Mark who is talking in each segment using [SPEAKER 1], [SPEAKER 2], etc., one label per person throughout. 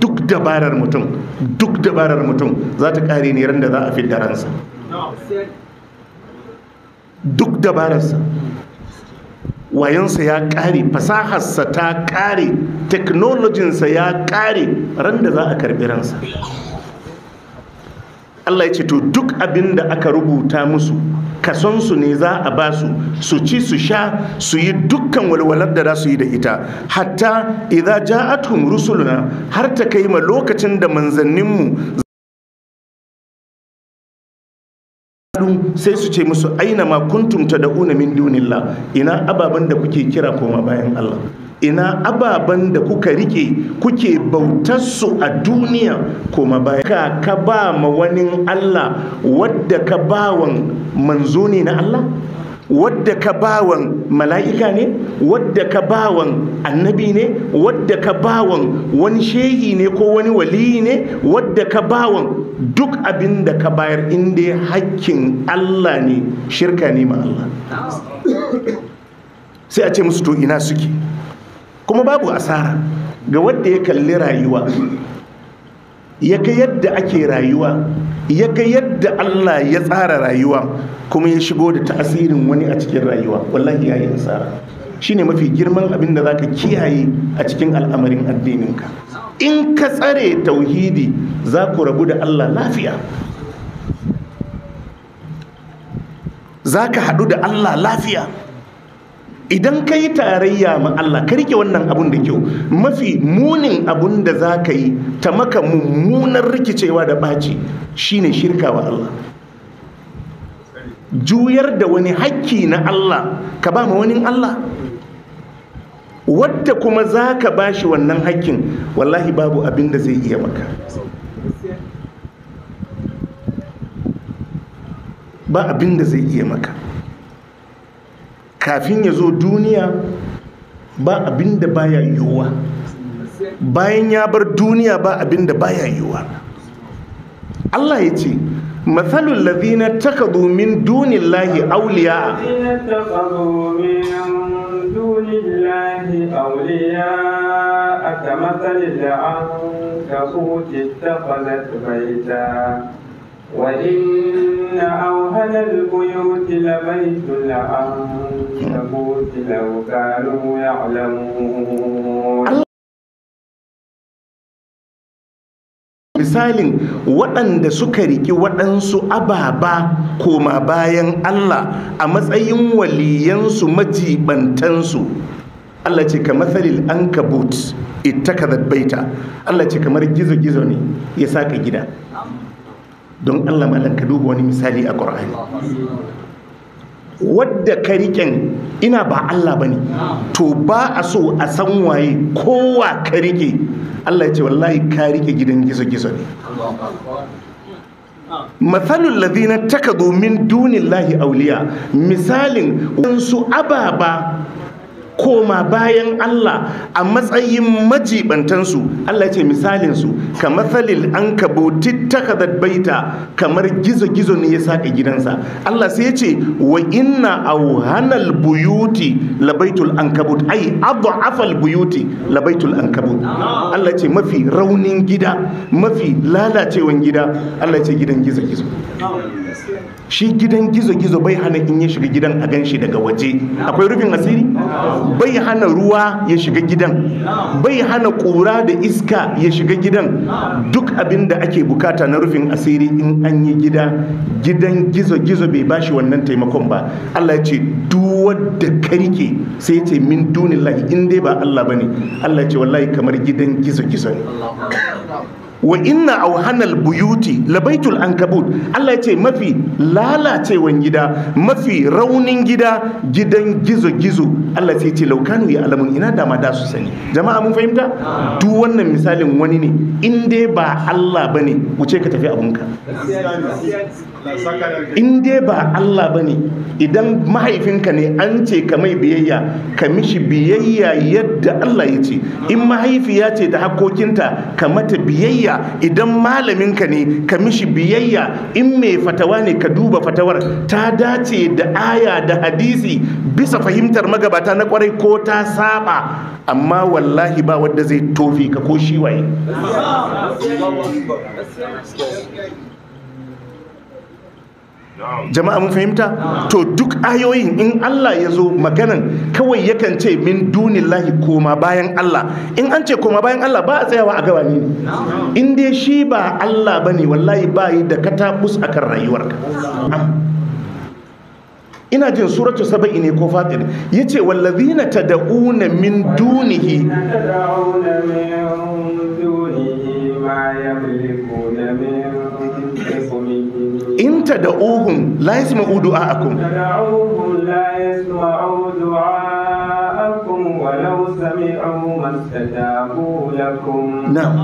[SPEAKER 1] duk dabarar mutum duk dabarar mutum za ta kare ne ran da za a fi da ransa duk dabararsa wayansa ya kare fasaharsa ta kare teknolojinsa ya kare randa za a karbi ransa Allah ya ce to duk abin da aka rubuta musu su ne za a ba su su ci su sha su yi dukkan walwalar da za su yi da ita hatta idza ja'atuhum rusuluna har ta kai ma lokacin da manzanninmu sai su ce musu aina ma kuntum tad'una min dunillah ina ababen da kuke kira koma bayan Allah ina ababen da kuka rike kuke bautarsu a duniya kuma baya ka ka ba ma wani Allah wadda ka bawan manzo ne na Allah wadda ka bawan mala'ika ne wadda ka bawan annabi ne wadda ka bawan wani shehi ne ko wani waliyi ne wadda ka bawan duk abin da ka bayar inda ya hakkin Allah ne shirka ne ma Allah sai a ce musu to ina suke kuma babu asara ga wanda ya kalli rayuwa ya ga yadda ake rayuwa ya ga yadda Allah ya tsara rayuwa kuma ya shigo da ta'asirin wani a cikin rayuwa wallahi ya yi asara Shi ne mafi girman abin da za ka kiyaye a cikin al'amarin addininka in ka tsare tauhidi za ku rabu da Allah lafiya za ka haɗu da Allah lafiya idan ka yi tarayya ma Allah ka rike wannan abun da kyau mafi munin abun da za ka yi ta maka mummunar rikicewa da ɓaci shine shirka wa Allah juyar da wani hakki na Allah ka ba ma wani Allah wadda kuma za ka ba shi wannan hakkin wallahi babu abin da zai iya maka ba abin da zai iya maka kafin ya zo duniya ba abin da baya yiwuwa bayan ya bar duniya ba abin da baya yiwuwa Allah ya ce matsalul ladina takadu min dunillahi awliya
[SPEAKER 2] كمثل العنكبوت ta بيتا وإن أوهن البيوت لبيت العنكبوت لو كانوا يعلمون
[SPEAKER 1] misalin waɗanda suka riƙi waɗansu ababa koma bayan Allah a matsayin waliyansu majibantansu Allah ce ka matsalil an kabut ita ka baita Allah ce kamar gizo-gizo ne ya saka gida don Allah malam ka duba wani misali a Qur'ani wadda ka riƙen ina ba Allah ba ne, to ba a so a san waye kowa ka riƙe Allah ya ce wallahi ka riƙe gidan gizo-gizo ne matsalul taka takadu min lahi auliya misalin wansu ababa koma bayan Allah a matsayin majibantansu Allah ce misalinsu ka matsalil an kabuti takadat baita kamar gizo-gizo ne ya saƙa gidansa Allah sai ya ce wa inna auhanal buyuti labaitul an kabo ai afal buyuti labaitul an kabo. Allah ce mafi raunin gida mafi lalacewan gida Allah ce gidan gizo-gizo shi gidan gizo-gizo bai hana in ya shiga gidan a gan shi daga waje akwai rufin asiri bai hana ruwa ya shiga gidan bai hana ƙura da iska ya shiga gidan duk abin da ake bukata na rufin asiri in an yi gida gidan gizo-gizo bai bashi wannan taimakon ba Allah ya ce wadda ka rike sai ce min dunillahi in dai ba Allah ba ne. Allah ya ce wallahi kamar gidan gizo-gizo ne wa inna auhanal buyuti labaitul ankabut Allah ya ce mafi lalacewan gida mafi raunin gida gidan gizo gizo Allah ya ce laukanu ya alamun ina dama da su sani jama'a mun fahimta duk wannan misalin wani ne in dai ba Allah bane wuce ka tafi abunka in dai ba Allah bane idan mahaifinka ne an ce ka mai biyayya ka mishi biyayya yadda Allah ya ce in mahaifiya ce da hakokinta ka mata biyayya biyayya idan malaminka ne ka mishi biyayya in mai fatawa ne ka duba fatawar ta dace da aya da hadisi bisa fahimtar magabata na kwarai ko ta saba amma wallahi ba wadda zai tofi ka ko shi jama'a mun fahimta to duk ayoyin in Allah ya zo maganan kawai yakan ce min dunillahi koma bayan Allah in an ce koma bayan Allah ba a tsayawa a gaba ne in dai shi ba Allah bane wallahi ba yi da katabus akan rayuwarka ina jin suratu saba'i ne ko fatir Ya ce tad'una min ta da'una min dunihi
[SPEAKER 2] ma min in
[SPEAKER 1] tad'uhum la yasma'u du'a'akum
[SPEAKER 2] tad'uhum la yasma'u ولو سمعوا ما استجابوا لكم نعم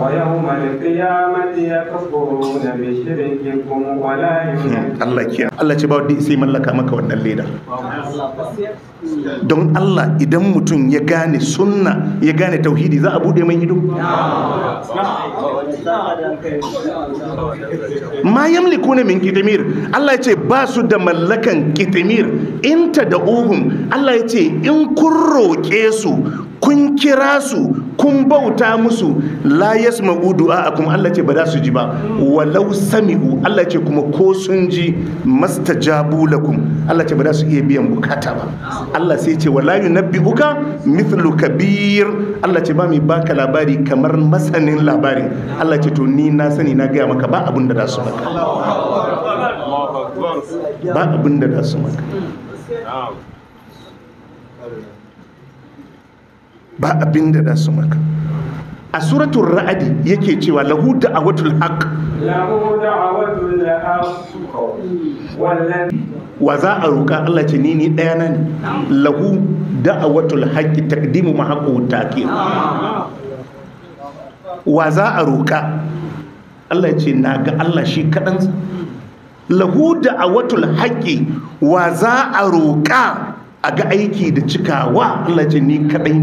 [SPEAKER 2] ويوم القيامة يكفرون بشرككم ولا يشركون
[SPEAKER 1] الله كي الله ce ba wanda sai mallaka maka wannan leda don Allah idan mutum ya gane sunna ya gane tauhidi za a bude mai ido ma yamliku ne min kitimir Allah ya ce ba su da mallakan kitimir inta da uhum Allah ya ce in kun roƙi roƙe su kun kira su kun bauta musu la yasma'u akum Allah ce ba za su ji ba walau sami'u Allah ce kuma ko sun ji mastajabu lakum Allah ce ba za su iya biyan bukata ba Allah sai ce wala yunabbi'uka mithlu kabir Allah ce ba mai baka labari kamar masanin labarin Allah ce to ni na sani na gaya maka ba abin da za su maka
[SPEAKER 2] ba abin da za su maka
[SPEAKER 1] ba abin da za su maka a suratul ra'adi yake cewa lahu da a lahu
[SPEAKER 2] da'awatul
[SPEAKER 1] wa za a roƙa Allah ce ni ne ɗaya na ne lahu da'awatul haqqi taqdimu ma ta taqi wa za a roƙa Allah ce na ga Allah shi kaɗansa lahu da'awatul haqqi wa za a roƙa a ga aiki da cikawa Allah ce ni kaɗai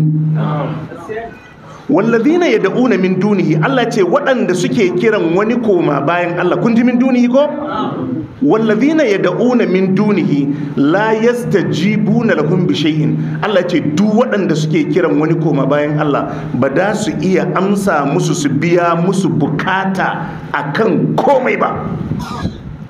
[SPEAKER 1] wallazina da'una min dunihi Allah ce waɗanda suke kiran wani koma bayan Allah kun ji min dunihi ko wallazina da'una min dunihi la yastajibuna lahum bi shay'in Allah ce duk waɗanda suke kiran wani koma bayan Allah ba da su iya amsa musu su biya musu bukata akan komai ba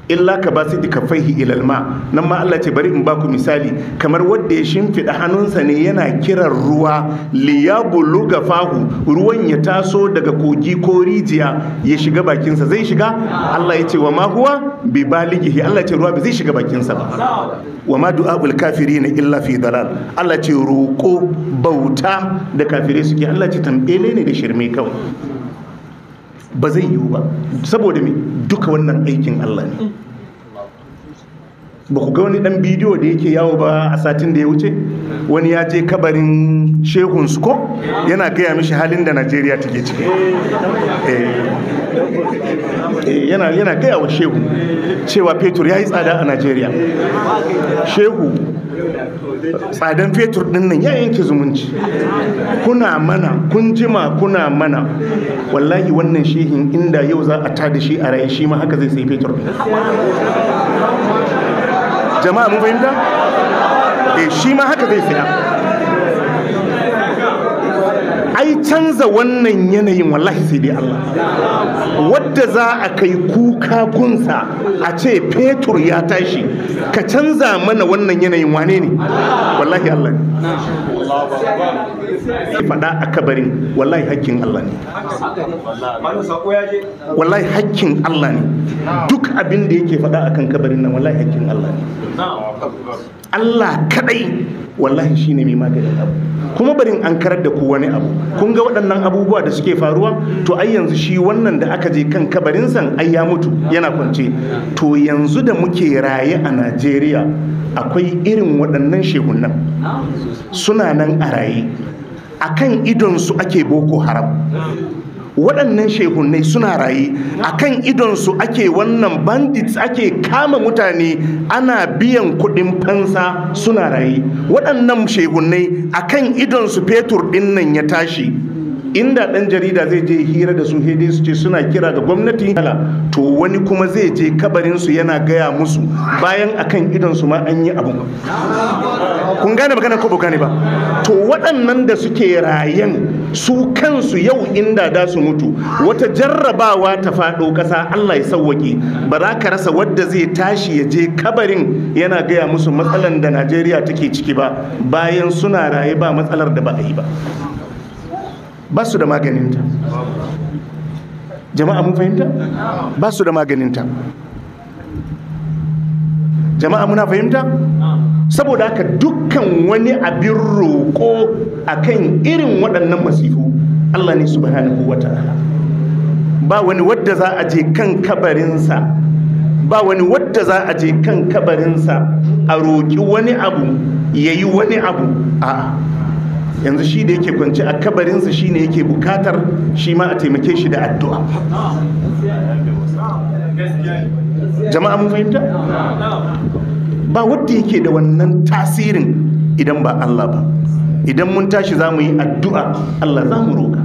[SPEAKER 1] illa ka ba su kafaihi ilal ma nan ma Allah ce bari in ba ku misali kamar wanda ya shimfiɗa hannunsa ne yana kiran ruwa liyabulu fahu ruwan ya taso daga kogi ko rijiya ya shiga bakinsa zai shiga Allah ya ce wa ma huwa bi balighihi Allah ya ce ruwa ba zai shiga bakinsa ba wa ma du'aul kafirin illa fi dalal Allah ce roƙo bauta da kafirai suke Allah ce tambele ne da shirme kawai ba zai yiwu ba saboda me duka wannan aikin Allah ne ba ku ga wani dan bidiyo da yake yawo ba a satin da ya wuce wani ya je kabarin shehun ko yana gaya mishi halin da najeriya take ciki eh, eh, yana gaya wa shehu cewa fetur ya yi tsada a najeriya shehu tsadan fetur din nan ya yanke zumunci kuna mana kun jima kuna mana wallahi wannan shehin inda yau za a tada shi a raye shi ma haka zai sai fetur jama'a mun fahimta eh shi ma haka zai saya canza wannan yanayin wallahi sai dai Allah wadda za a kai kuka gunsa a ce fetur ya tashi ka canza mana wannan yanayin wane ne wallahi Allah ne faɗa a kabarin wallahi hakkin Allah ne
[SPEAKER 2] wallahi hakkin
[SPEAKER 1] Allah ne duk abin da yake faɗa kan kabarin nan wallahi hakkin Allah ne Allah kadai wallahi shine mai maganin abu kuma barin an karar da ku wani abu kun ga waɗannan abubuwa da suke faruwa to ai yanzu shi wannan da aka je kan kabarin san ai ya mutu yana kwance to yanzu da muke raye a Najeriya akwai irin waɗannan shehunan suna nan a raye akan idon su ake boko haram waɗannan shehunnai suna raye akan idonsu ake wannan bandits ake kama mutane ana biyan kuɗin fansa suna raye waɗannan shehunnai akan idonsu fetur ɗin nan ya tashi inda dan jarida zai je hira da su hede su ce suna kira ga gwamnati to wani kuma zai je kabarin su yana gaya musu bayan akan idon su ma an yi abu kun gane magana ko ne ba to waɗannan da suke rayen su kansu yau inda da su mutu wata jarrabawa ta faɗo ƙasa Allah ya sauwaƙe ba za ka rasa wanda zai tashi ya je kabarin yana gaya musu matsalan da Najeriya take ciki ba bayan suna raye ba matsalar da ba a yi ba ba su da maganinta jama'a mun fahimta ba su da maganinta jama'a muna fahimta saboda haka dukkan wani abin roƙo akan irin waɗannan masifu Allah ne subhanahu wa ta'ala ba wani wadda za a je kan kabarinsa ba wani wadda za a je kan kabarinsa a roƙi wani abu ya yi wani abu a'a yanzu shi da yake kwanci a kabarinsa shi ne yake bukatar shi ma a taimake shi da addu'a jama'a mun fahimta ba wadda yake da wannan tasirin idan ba Allah ba idan mun tashi za mu yi addu'a Allah za mu roƙa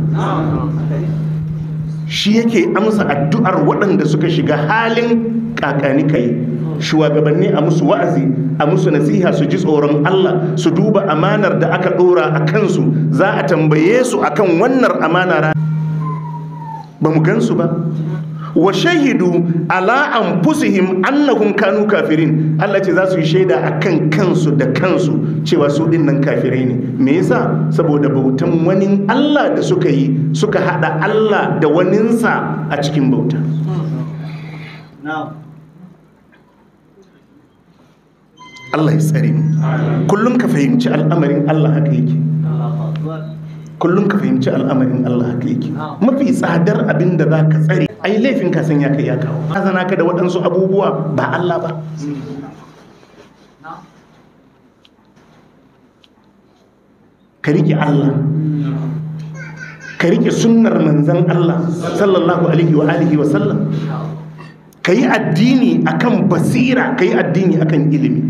[SPEAKER 1] shi yake amsa addu'ar waɗanda suka shiga halin ƙaƙani kai shugabanni a musu wa'azi a musu nasiha su ji tsoron Allah su duba amanar da aka ɗora a kansu za a tambaye su akan wannan amana ba mu gansu ba wa shahidu ala anfusihim annahum kanu kafirin Allah ce za su yi shaida akan kansu da kansu cewa su din nan kafirai ne me yasa saboda bautan wani Allah da suka yi suka hada Allah da waninsa a cikin bauta Allah ya tsare mu kullum ka fahimci al'amarin Allah haka yake kullum ka fahimci al'amarin Allah haka yake mafi tsadar abin da za ka tsare ai laifin ka san ya kai ya kawo zana ka da waɗansu abubuwa ba Allah ba ka riƙe Allah ka riƙe sunnar manzan Allah sallallahu alaihi wa alihi wa sallam ka yi addini akan basira ka yi addini akan ilimi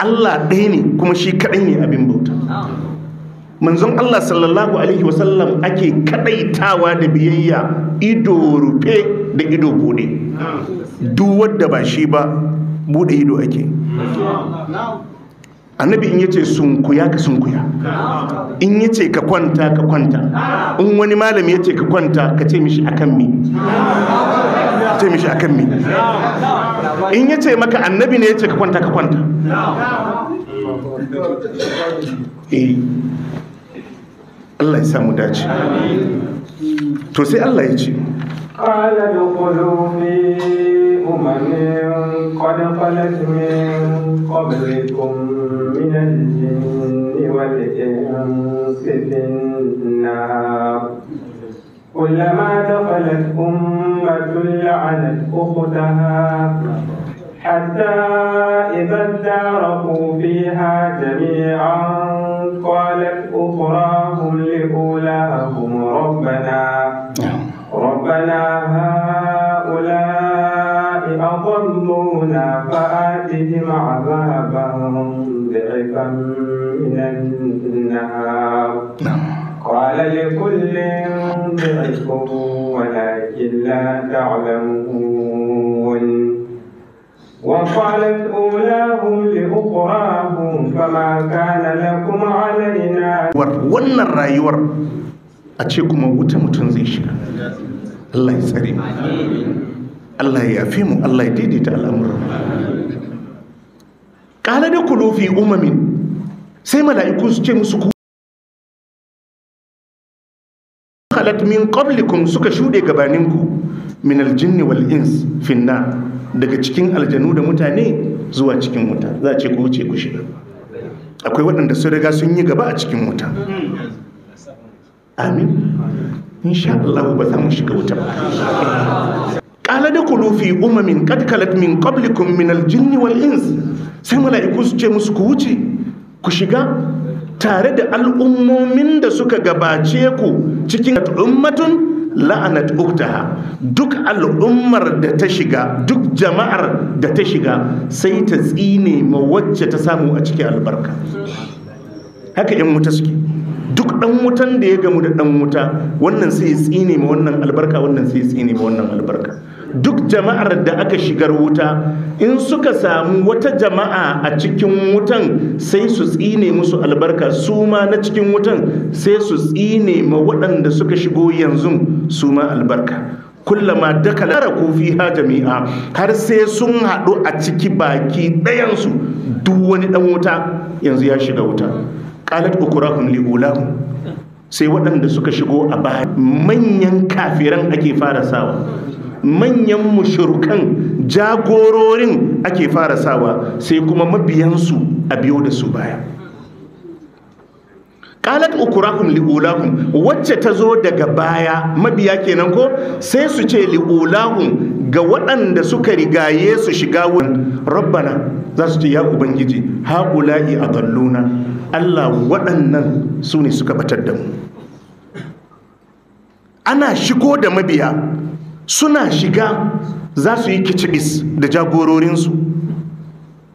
[SPEAKER 1] Allah ɗaya ne kuma shi kaɗai ne abin bauta manzon Allah sallallahu alaihi wasallam ake kaɗaitawa da biyayya ido rufe da ido buɗe, duk wadda ba shi ba bude ido ake annabi in yace sunkuya ka sunkuya in yace ka kwanta ka kwanta in wani malami yace ka kwanta ka ce mishi akan me ce mishi akan me in yace maka annabi ne yace ka kwanta ka kwanta eh. Allah ya samu dace to sai Allah ya ce
[SPEAKER 2] قال ادخلوا في أمم قد خلت من قبلكم من الجن والإنس في النار كلما دخلت أمة لعنت أختها حتى إذا اداركوا فيها جميعا قالت أخراهم لأولاهم ربنا ربنا هؤلاء أضلونا فآتهم عذابا ضعفا من النار قال لكل ضعف ولكن لا تعلمون وقالت أولاهم لأخراهم فما كان لكم علينا wannan
[SPEAKER 1] rayuwar a ce kuma wuta mutum zai shiga Allah ya tsare mu Allah ya yafe mu
[SPEAKER 2] Allah ya daidaita al'amuran
[SPEAKER 1] qala da kulufi umamin sai mala'iku su ce musu ku khalat min qablikum suka shuɗe gabaninku min aljinni wal ins finna daga cikin aljanu da mutane zuwa cikin wuta za ce ku ce ku shiga akwai waɗanda sun riga sun yi gaba a cikin wuta amin insha Allah ba za mu shiga wuta ba qala da fi umamin qad kalat min qablikum min al-jinn wal ins sai mala'iku su ce musu ku wuce ku shiga tare da al'ummomin da suka gabace ku cikin ummatun la'anat uktaha duk al'ummar da ta shiga duk jama'ar da ta shiga sai ta tsine ma wacce ta samu a cikin albarka haka 'yan wuta suke duk ɗan wutan da ya gamu da dan wuta wannan sai ya tsine ma wannan albarka wannan sai ya tsine ma wannan albarka duk jama'ar da aka shigar wuta in suka samu wata jama'a a cikin wutan sai su tsine musu albarka su ma na cikin wutan sai su tsine ma waɗanda suka shigo yanzu su ma albarka kullama dakala fi ha jami'a har sai sun haɗu a ciki baki ɗayansu duk wani ɗan wuta yanzu ya shiga wuta qalat ukurahum liulahum sai waɗanda suka shigo a baya manyan kafiran ake fara sawa manyan mushurkan jagororin ake fara sawa sai kuma mabiyansu a biyo da su baya qalat ukurahum liulahum wacce ta zo daga baya mabiya kenan ko sai su ce liulahum ga waɗanda suka rigaye su shiga wurin rabbana za su ce ya ubangiji haƙula'i a galluna allah waɗannan su ne suka batar da mu ana shigo da mabiya suna shiga za su yi kicibis da jagororinsu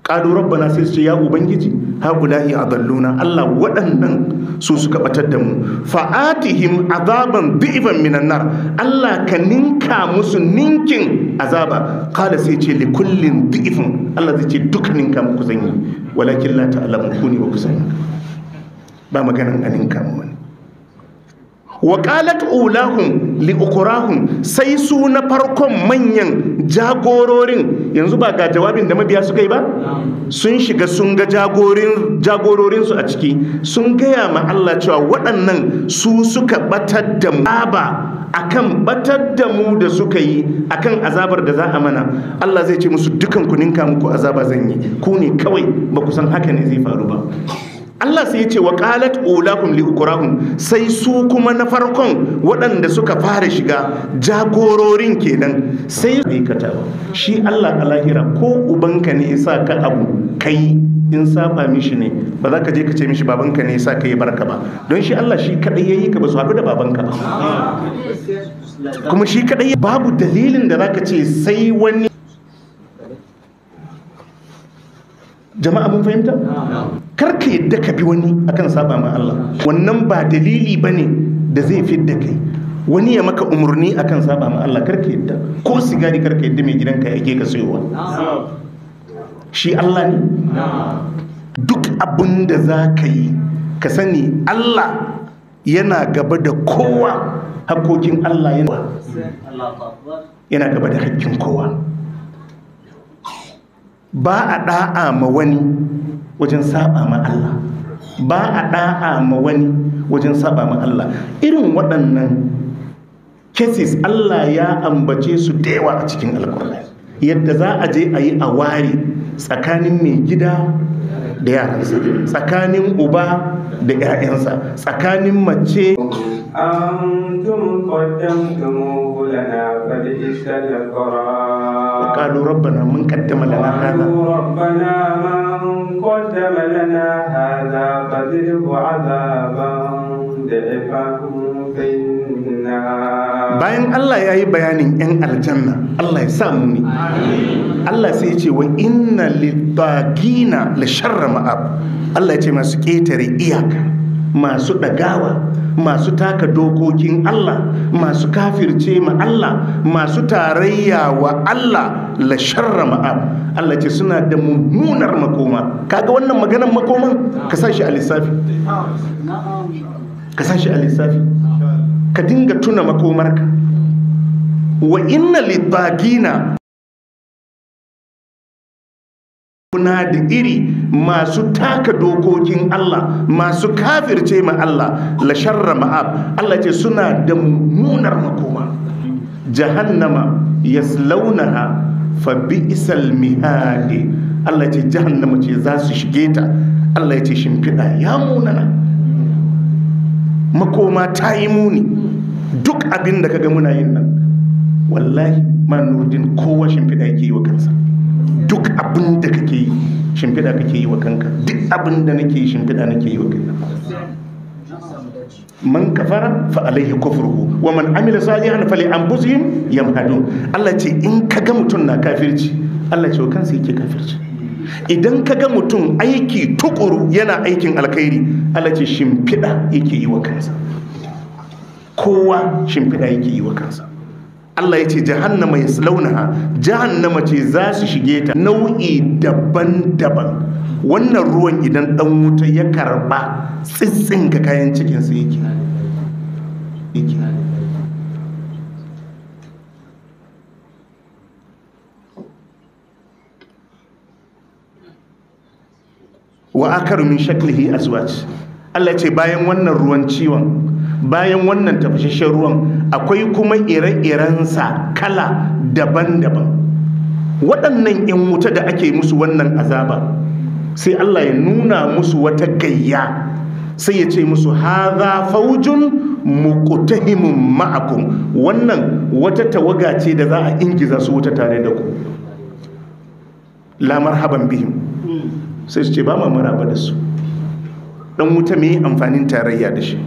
[SPEAKER 1] rabba rabbana sai su ce ya ubangiji a galluna Allah waɗannan su suka batar da mu fa'atihim azaban bi'ban minan nar Allah ka ninka musu ninkin azaba qala sai ce li kullin bi'fun Allah zai ce duk ninka muku zanyi walakin la ta'lamu kuni wa kusani ba maganan a ninka mu wani wa qalat ulahum sai su na farkon manyan jagororin yanzu ba ga jawabin da mabiya suka yi ba sun shiga sun ga jagororinsu a ciki sun gaya ma Allah cewa waɗannan su suka batar da mu ba akan batar da mu da suka yi akan azabar da za a mana Allah zai ce musu dukan ku ninka muku azaba zan yi ku ne kawai ba ku san haka ne zai faru ba Allah sai ya ce wa qalat ulahum li ukurahum sai su kuma na farkon waɗanda suka fara shiga jagororin kenan sai aikatawa shi Allah a lahira ko ubanka ne ya sa ka abu kai in saba mishi ne ba za ka je ka ce mishi babanka ne ya sa ka yi barka ba don shi Allah shi kadai yayi ka ba su haɗu da babanka ba kuma shi kadai babu dalilin da za ka ce sai wani jama'a mun fahimta kar ka yadda ka bi wani akan saba ma Allah wannan ba dalili bane da zai fidda kai wani ya maka umarni akan saba ma Allah kar ka yadda ko sigari kar ka yadda mai gidanka ya ke ka sayowa shi Allah ne duk abin da za ka yi ka sani Allah yana gaba da kowa hakokin Allah yana gaba da hakkin kowa ba a ɗa'a ma wani wajen saba ma Allah ba a ɗa'a ma wani wajen saba ma Allah irin waɗannan cases Allah ya ambace su da a cikin alkur'ani yadda za a je a yi a ware tsakanin mai gida da yaransa tsakanin uba da 'ya'yansa tsakanin mace
[SPEAKER 2] لنا فبئس القرار قالوا ربنا من قدم لنا هذا ربنا من قدم لنا هذا فزده عذابا ضعفا
[SPEAKER 1] bayan Allah ya yi bayanin 'yan aljanna Allah ya samu ne Allah sai ya ce wa inna littagina la sharra ma'ab Allah ya ce masu ƙetare iyaka masu ɗagawa masu taka dokokin Allah masu kafirce ma Allah masu tarayya wa Allah la sharra ma'ab Allah ce suna da mummunar makoma kaga wannan maganar makoman ka sa shi a lissafi ka san shi a ka dinga tuna makomarka wa inna litagina kuna da iri masu taka dokokin Allah masu kafirce ma Allah la sharra ma'ab Allah ce suna da munar makoma jahannama yaslaunaha fa isal mihadi Allah ce jahannama ce za su shige ta Allah ya ce shimfiɗa ya munana makoma ta yi muni duk abin da kaga muna yin nan wallahi ma nurdin kowa shimfiɗa yake yi wa kansa duk abin da kake yi shimfiɗa kake yi wa kanka duk abin da nake yi shimfiɗa nake yi wa kanka man kafara fa alaihi kufruhu wa man amila salihan fali anfusihim yamhadun Allah ce in kaga mutum na kafirci Allah ce wa kansa yake kafirci idan kaga mutum aiki tukuru yana aikin alkhairi Allah ce shimfiɗa yake yi wa kansa kowa shimfiɗa yake yi wa kansa Allah ya ce jahannama ya slaunaha jahannama ce za su shige ta nau'i daban-daban wannan ruwan idan dan wuta ya karba tsitsin ga kayan su yake wa akaru min shaklihi azwaj Allah ce bayan wannan ruwan ciwon bayan wannan tafashashen ruwan akwai kuma ire iren sa kala daban-daban waɗannan 'yan wuta da ake musu wannan azaba sai Allah ya nuna musu wata gayya sai ya ce musu haza faujun muqtahimun ma'akum wannan wata tawaga ce da za a ingiza su wuta tare da ku la marhaban bihim sai su ce ba ma maraba da su dan wuta me amfanin tarayya da shi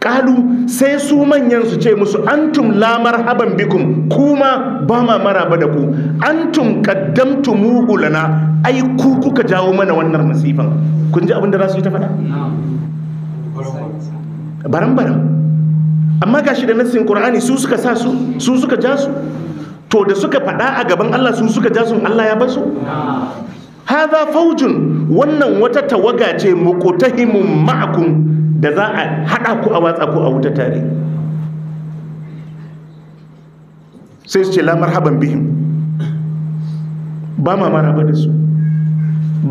[SPEAKER 1] kalu sai su manyan su ce musu antum la marhaban bikum kuma ba ma maraba da ku antum mu lana ai ku kuka jawo mana wannan masifan kun ji abin da za su yi ta faɗa baran baran amma gashi da nassin qur'ani su suka sa su su suka ja su to da suka faɗa a gaban Allah su suka ja su Allah ya basu hadha faujun wannan wata tawaga ce muqtahimun ma'akum da za a haɗa ku a watsa ku a wuta tare sai su ce la marhaban bihim ba mamara ba da su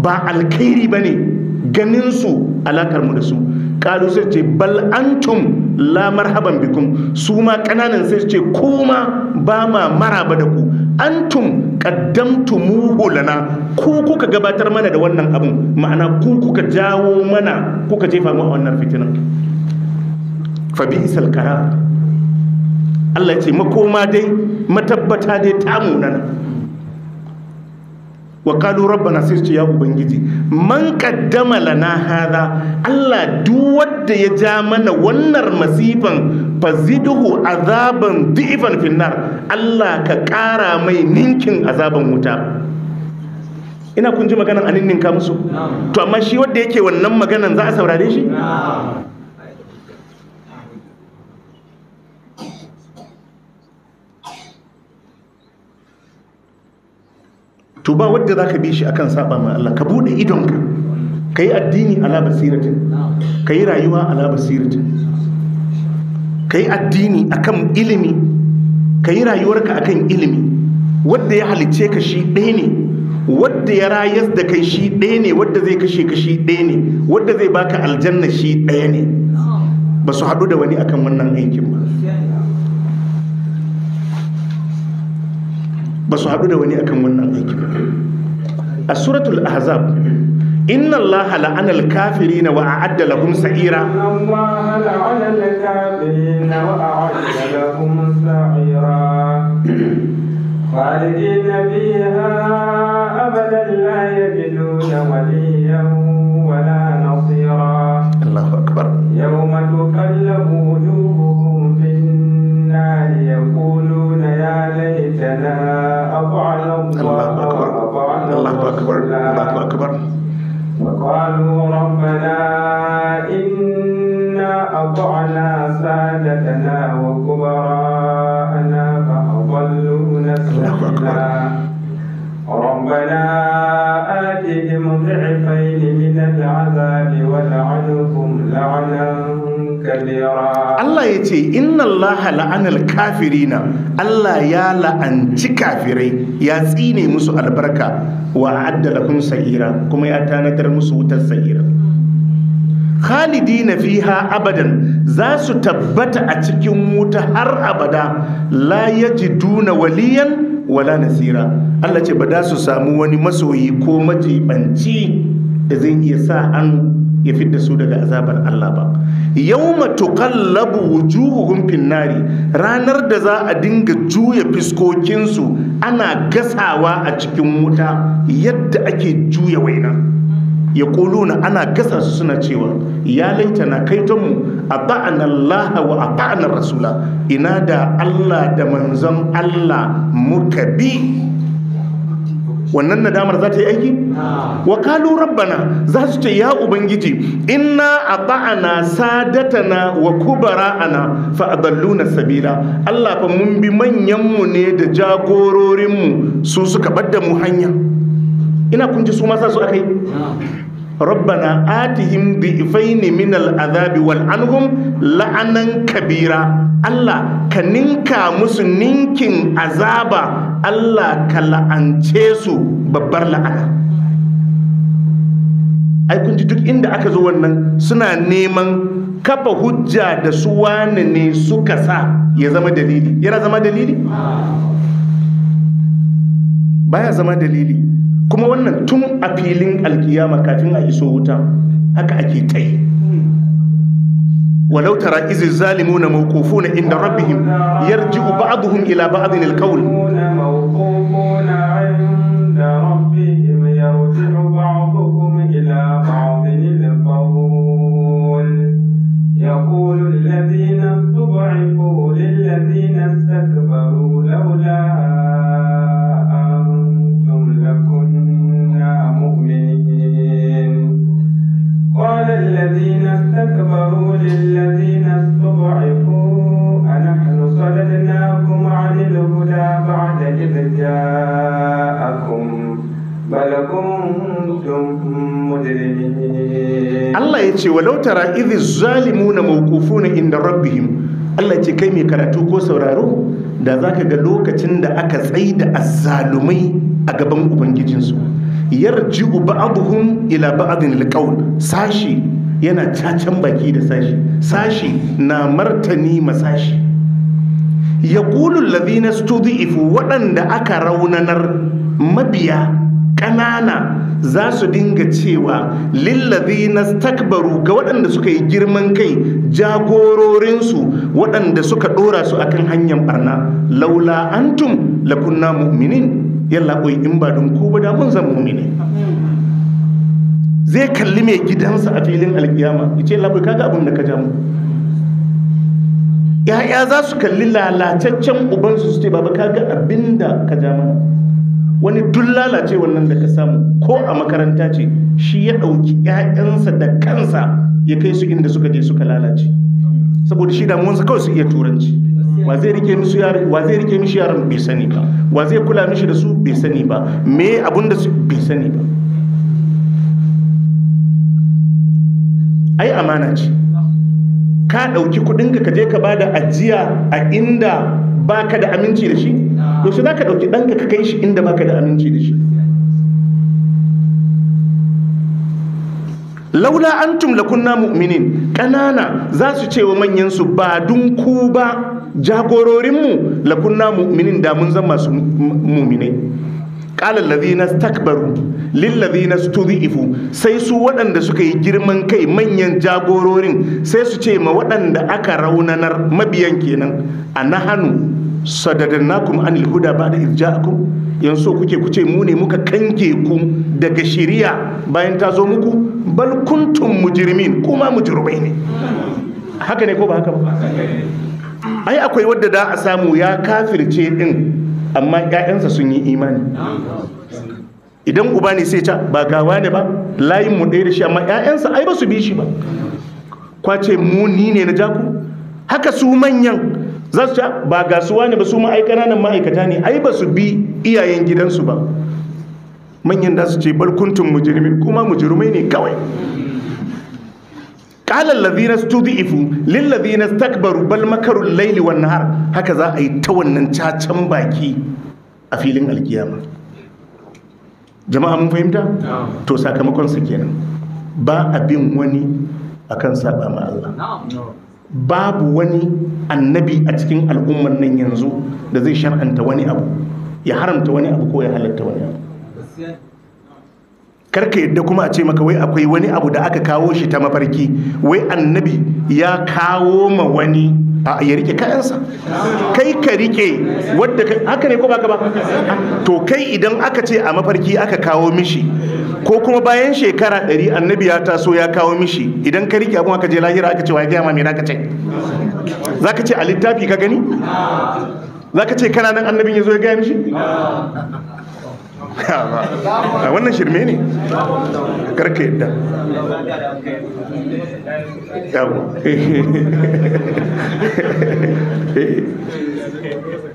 [SPEAKER 1] ba alkhairi ba ne ganinsu alakarmu da su Ƙalu sai ce bal antum la marhaban bikum su ma kananan sai ce kuma ba ma maraba da ku antum qaddamtumuhu lana ku kuka gabatar mana da wannan abun ma'ana ku kuka jawo mana kuka jefa mu a wannan fitinan fa isal qarar Allah ya ce makoma dai matabbata dai tamu nan wa kalu rabbana sai ce ya ubangiji man kaddama lana hada Allah duk wanda ya ja mana wannan masifan fazidhu azaban dhi'fan finnar Allah ka kara mai ninkin azaban wuta ina kun ji maganan aninninka musu to amma shi wanda yake wannan maganan za a saurare shi to ba wadda za ka bi shi akan saba ma Allah ka bude idonka ka yi addini ala basiratin ka yi rayuwa ala basiratin ka yi addini akan ilimi ka yi rayuwarka akan ilimi wadda ya halice ka shi ɗaya ne wadda ya rayas da kai shi ɗaya ne wadda zai kashe ka shi ɗaya ne wadda zai baka aljanna shi ɗaya ne ba su haɗu da wani akan wannan aikin ba basu hadu da wani akan wannan aiki ba a suratul ahzab inna allaha la'ana al-kafirin wa a'adda lahum sa'ira
[SPEAKER 2] allaha la'ana al-kafirin wa a'adda خالدين فيها por
[SPEAKER 1] Allah allaha la'anal kafirina Allah ya la'anci kafirai ya tsine musu albarka wa a'adda sa'ira kuma ya tanadar musu wutar sa'ira khalidina fiha abadan za su tabbata a cikin wuta har abada la yajiduna waliyan wala nasira Allah ce ba da su samu wani masoyi ko majibanci da zai iya sa an ya fi da su daga azabar Allah ba Labu tuqallabu wujuhuhum finnari ranar da za a dinga juya fiskokinsu ana gasawa a cikin wuta yadda ake juya waina ya kuluna ana gasa su suna cewa ya laitana kaitonmu a ba'an Allah wa a ba'an rasula ina da Allah da manzon Allah muka bi wannan nadamar za ta yi aiki wa kalu rabbana za su ce ya ubangiji inna Sadata sadatana wa Kubara ana fa na sabila Allah fa mun bi manyan mu ne da jagororinmu su suka bada da mu hanya ina kun ji su ma sa su yi rabbana atihim bi'ifaini min al'azabi wal anhum la'anan kabira Allah ka ninka musu ninkin azaba Allah ka la'ance su babbar la'ana ai kun ji inda aka zo wannan suna neman kafa hujja da su wane ne suka sa ya zama dalili yana zama dalili baya zama dalili kuma wannan tun a filin alkiyama kafin a iso wuta haka ake ta yi walau tara izi zalimu na maukofu na inda rabihim yarji uba abuhun ila ba abin alkawul da ce walau tara na na na inda rabbihim Allah ce kai mai karatu ko sauraro da za ka ga lokacin da aka tsaida azzalumai a gaban ubangijinsu yarji'u buhun ila ba'adin alqawl sashi yana cacan baki da sashi sashi na martani masashi yaqulu studi ifu. waɗanda aka raunanar mabiya ƙanana za su dinga cewa lillazi na stakbaru ga waɗanda suka yi girman kai jagororinsu waɗanda suka ɗora su akan hanyar barna laula antum lakunna mu'minin yalla koi in ba don ko ba da mun zan mu'mini zai kalli mai gidansa a filin alkiyama ya ce labai kaga abin da ka jamu ya'ya za su kalli lalataccen ubansu su ce baba kaga abin da ka ja mana wani duk lalace wannan da ka samu ko a makaranta ce shi ya ɗauki 'ya'yansa da kansa ya kai su inda suka je suka lalace saboda shi damuwansa kawai su iya turanci wa zai rike musu yaran wa zai rike mishi yaran bai sani ba wa zai kula mishi da su bai sani ba me abun da su bai sani ba ai amana ce ka ɗauki kuɗinka ka je ka bada ajiya a inda ba ka da aminci da shi yaushe za ka ɗauki ɗanka ka kai shi inda ba ka da aminci da shi laula antum lakunna mu'minin ƙanana za su ce wa manyansu ba dun ku ba jagororinmu lakunna mu'minin da mun zama masu mu'minai ƙalar allazina stakbaru lillazina studhifu sai su waɗanda suka yi girman kai manyan jagororin sai su ce ma waɗanda aka raunanar mabiyan kenan A na anahanu sadadannakum anil huda ba'da irja'akum yanzu kuke kuce mu ne muka kange ku daga shiriya bayan ta zo muku bal kuntum mujrimin kuma mujrimai ne haka ne ko ba haka ba ai akwai wadda da a samu ya kafirce din amma ‘ya'yansa sun yi imani idan uba ne sai ta ba gawa ne ba layin mu ɗaya da shi amma ‘ya'yansa ai ba su bi shi ba kwace muni ne na jaku haka su manyan za su ta ba gasuwa ne ba su ma'aikananan ma'aikata ne ai ba su bi iyayen gidansu ba manyan da su ce barkuntun mujirmi kuma mujirmai ne kawai qala allazina studifu lil na takbaru bal makaru al-layli haka za a yi ta wannan cacan baki a filin alkiyama jama'a mun fahimta to sakamakon su kenan ba abin wani akan saba ma Allah babu wani annabi a cikin al'ummar nan yanzu da zai shar'anta wani abu ya haramta wani abu ko ya halatta wani
[SPEAKER 2] abu
[SPEAKER 1] karka yadda kuma a ce maka wai akwai wani abu da aka kawo shi ta mafarki wai annabi ya kawo ma wani a ya rike kayansa kai ka rike wadda ka, haka ne ko baka ba to kai idan aka ce a mafarki aka kawo mishi ko kuma bayan shekara ɗari annabi ya taso ya kawo mishi idan ka rike abun aka je lahira aka ce wa ya gaya ma me ka ce ka ce a littafi ka gani ka ce kana nan annabin ya zo ya gaya mishi wannan shirme ne karka yadda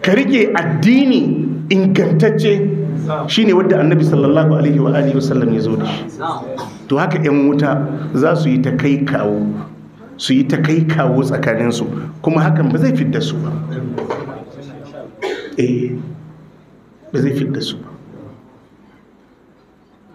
[SPEAKER 1] ka rike addini ingantacce shine wadda annabi sallallahu alaihi wa alihi wasallam ya zo da
[SPEAKER 2] shi
[SPEAKER 1] to haka yan wuta za su yi ta kai kawo su yi ta kai kawo tsakaninsu kuma hakan ba zai fidda su ba eh ba zai fidda su ba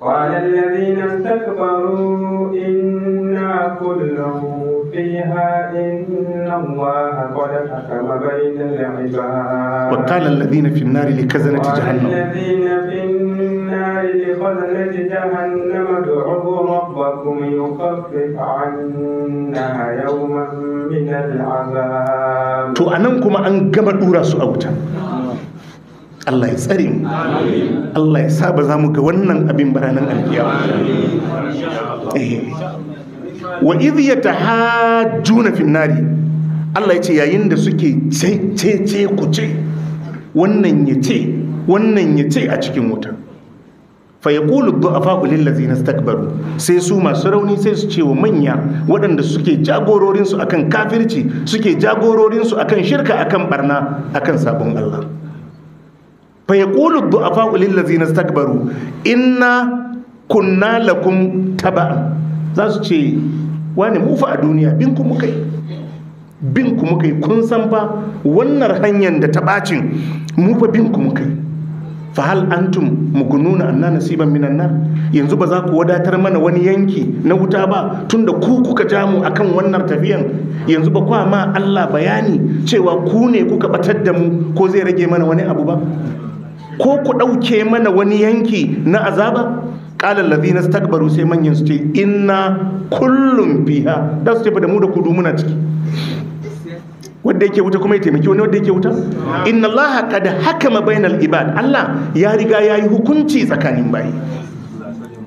[SPEAKER 2] قال الذين استكبروا إنا كل فيها إن الله قد حكم بين العباد وقال الذين في النار لكزنة جهنم الذين في النار لخزنة جهنم ادعوا ربكم يخفف عنا يوما من العذاب تو أنكم
[SPEAKER 1] أن قبل أوراس أوتا Allah ya tsare mu Allah ya saba za mu ga wannan abin baranan alkiyawa eh. wa idh yatahajjuna fin nari Allah ya ce yayin da suke ce ce ce ku ce wannan ya ce wannan ya ce a cikin wuta fa yaqulu du'afa lil ladzina istakbaru sai su masu rauni sai su ce wa manya waɗanda suke jagororin su akan kafirci suke jagororin su akan shirka akan barna akan sabon Allah fa yaqulu du'afa lil ladzina istakbaru inna kunna lakum taba'an za su ce wani mufa a duniya bin ku muka yi bin ku muka yi kun san fa wannan hanyar da ta bacin mu fa bin ku muka yi fa hal antum mugununa anna nasiban minan yanzu ba za ku wadatar mana wani yanki na wuta ba tunda ku kuka jamu akan wannan tafiyan yanzu ba kwa ma Allah bayani cewa ku ne kuka batar da mu ko zai rage mana wani abu ba ko ku ɗauke mana wani yanki na azaba ƙalar na stakbaru sai manyan su ce inna kullum fiha da su tafi da mu da kudu muna ciki wadda yake wuta kuma ya taimaki wani wadda yake wuta inna Allah haka ma bainal ibad Allah ya riga ya yi hukunci tsakanin bayi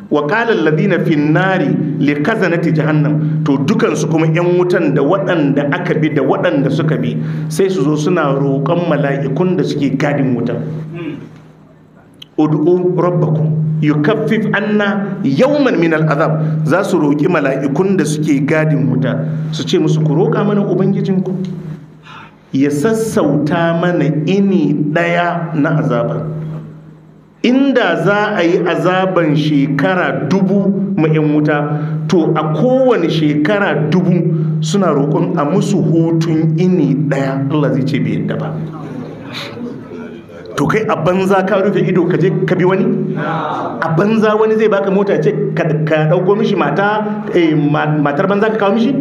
[SPEAKER 1] wa qala alladhina fin nari li jahannam to dukansu kuma yan wutan da waɗanda aka bi da waɗanda suka bi sai su zo suna roƙon mala'ikun da suke gadin wutan ud'u rabbakum yukaffif anna yawman min al'azab za su roƙi mala'ikun da suke gadin wuta su ce musu ku roƙa mana ubangijinku ya sassauta mana ini ɗaya na azaba inda za a yi azaban shekara dubu ma'in wuta to a kowane shekara dubu suna roƙon a musu hutun ini ɗaya Allah zai ce bai yadda ba to kai a banza ka rufe ido ka je ka bi wani a banza wani zai baka mota ce ka dauko mishi mata eh, matar banza ka kawo mishi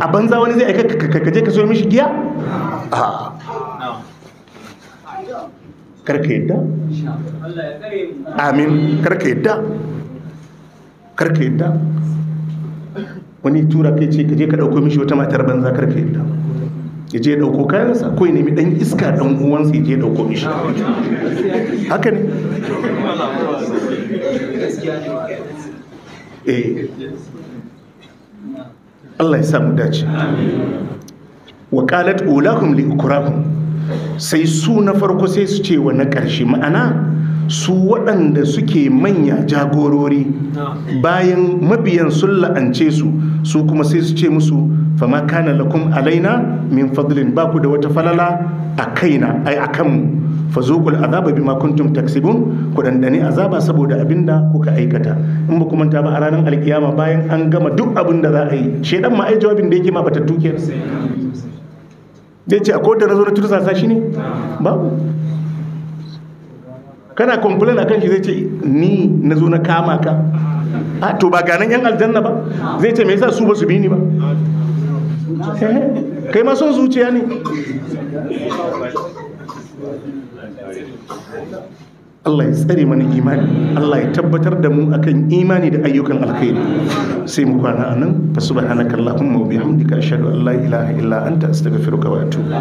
[SPEAKER 1] a banza wani zai aika ka je ka soyo mishi giya karka yadda amin karka yadda karka yadda wani tura kai ce ka je ka dauko mishi wata matar banza karka yadda ya je dauko kayansa ko ya nemi dan iska dan uwansa ya je dauko shi haka ne eh Allah ya samu dace wa qalat ulakum li ukrakum sai su na farko sai su ce wa na ƙarshe ma'ana su waɗanda suke manya jagorori bayan mabiyan sun la'ance su su kuma sai su ce musu fama kana lakum alaina min fadlin ba ku da wata falala a kaina ai a kanmu fa zuqul azaba bima kuntum taksibun ku dandane azaba saboda abinda kuka aikata in ba ku manta ba a ranar alkiyama bayan an gama duk abin da za a yi shedan ma ai jawabin da yake ma bata tuke zai ce a kodin razo na tursa sa shi ne babu kana complain akan shi zai ce ni na zo na kama ka a to ba ganin yan aljanna ba zai ce me yasa su ba su bi ni ba
[SPEAKER 2] Eh? kai ma son zuciya
[SPEAKER 1] ne Allah ya tsare mana imani Allah ya tabbatar da mu akan imani da ayyukan alkhairi sai mu kwana anan fa subhanakallahumma wa bihamdika ashhadu an la ilaha illa anta astaghfiruka wa atubu